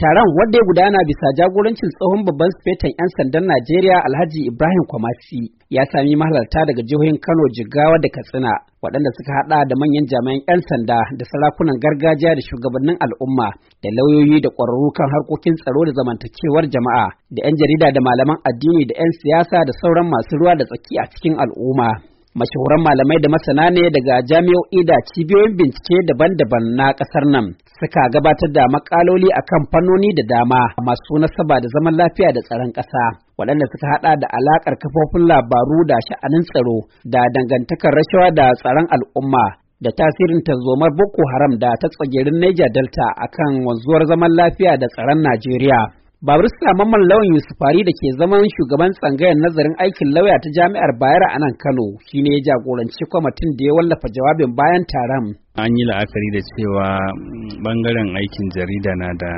Taron wanda ya gudana bisa jagorancin tsohon babban sufetan 'yan sandan Najeriya Alhaji Ibrahim Kwamasi ya sami mahalarta daga jihohin Kano, Jigawa da Katsina waɗanda suka haɗa da manyan jami'an 'yan sanda da sarakunan gargajiya da shugabannin al'umma da lauyoyi da ƙwararru kan harkokin tsaro da zamantakewar jama'a da 'yan jarida da malaman addini da 'yan siyasa da sauran masu ruwa da tsaki a cikin al'umma. mashahuran malamai da masana ne daga jami'o'i da cibiyoyin bincike daban-daban na ƙasar nan suka gabatar da makaloli akan fannoni da dama masu nasaba da zaman lafiya da tsaron ƙasa waɗanda suka haɗa da alaƙar kafofin labaru da sha'anin tsaro da dangantakar rashawa da tsaron al'umma da tasirin tanzomar Boko Haram da ta tsagerin Niger Delta akan wanzuwar zaman lafiya da tsaron Najeriya. Barista Mamman Lawan Fari da ke zaman shugaban tsangayar nazarin aikin lauya ta Jami'ar Bayero a nan Kano shine ya jagoranci kwamitin da ya wallafa jawabin bayan taron. An yi la'akari da cewa mm, bangaren aikin jarida na da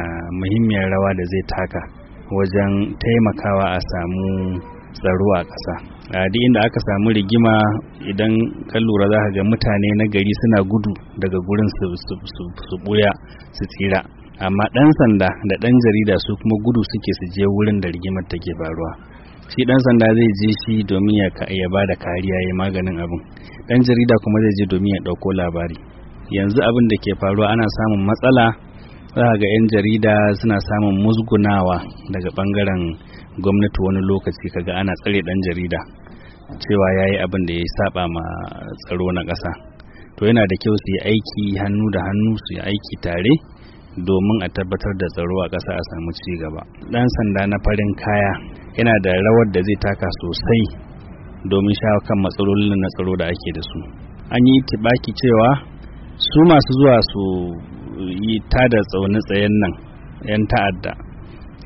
muhimmiyar rawa da zai taka wajen taimakawa a samu tsaro a ƙasa. A inda aka samu rigima idan ka lura za ka ga mutane na gari suna gudu daga gurin su buya su tsira. amma ɗan sanda da ɗan jarida su kuma gudu suke su je wurin da rigimar take faruwa shi ɗan sanda zai je shi domin ya ba da kariya ya maganin abin ɗan jarida kuma zai je domin ya ɗauko labari yanzu abin da ke faruwa ana samun matsala za ga 'yan jarida suna samun musgunawa daga ɓangaren gwamnati wani lokaci kaga ana tsare ɗan jarida cewa ya yi abin da ya saba ma tsaro na ƙasa to yana da kyau su yi aiki hannu da hannu su yi aiki tare domin a tabbatar da tsaro a ƙasa a samu ci gaba ɗan sanda na farin kaya yana da rawar da zai taka sosai domin shawo kan matsalolin na tsaro da ake da su an yi tibaki cewa su masu zuwa su yi tada tsauni tsayen nan 'yan ta'adda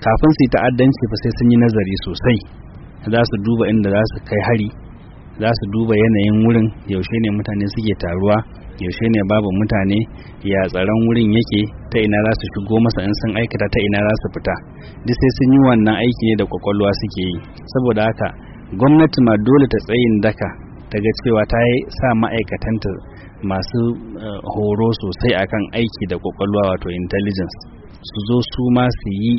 kafin su yi ta'addanci fa sai sun yi nazari sosai za su duba inda za su kai hari za su duba yanayin wurin yaushe ne mutane suke taruwa yaushe ne babu mutane ya tsaron wurin yake ta ina za su shigo masa in sun aikata ta ina za su fita duk sai sun yi wannan aiki ne da kwakwalwa suke yi saboda haka gwamnati ma dole ta tsayin daka ta ga cewa ta yi sa ma'aikatanta masu eh, horo sosai akan aiki da kwakwalwa wato intelligence su zo su ma su yi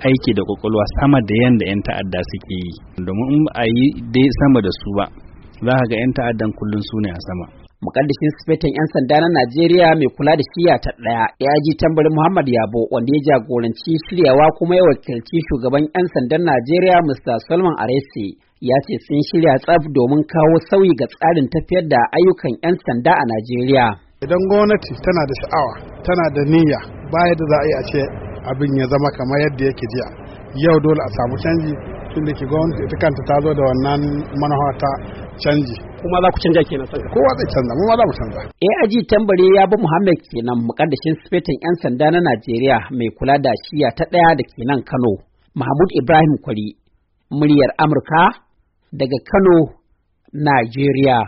aiki da kwakwalwa sama da yanda 'yan ta'adda suke yi domin in ba a yi dai sama da su ba za ka ga 'yan ta'addan kullum su ne a sama. Mukaddishin sifetin 'yan sanda na Najeriya mai kula da shiya ta ɗaya ya ji tambarin Muhammad Yabo wanda ya jagoranci shiryawa kuma ya wakilci shugaban 'yan sandan Najeriya Mr. Salman Arese ya ce sun shirya tsaf domin kawo sauyi ga tsarin tafiyar da ayyukan 'yan sanda a Najeriya. Idan gwamnati tana da sha'awa tana da niyya baya da za a yi a ce abin ya zama kamar yadda yake jiya yau dole a samu canji da ke gwamnati ita kanta ta zo da wannan manufa ta canji kuma za ku canja kenan sai kowa zai canza mu ma za mu canza AIG tambare ya bi Muhammad kenan mukaddashin sifetin yan sanda na Najeriya mai kula da shiya ta daya da kenan Kano Mahmud Ibrahim Kwari muryar Amurka daga Kano Najeriya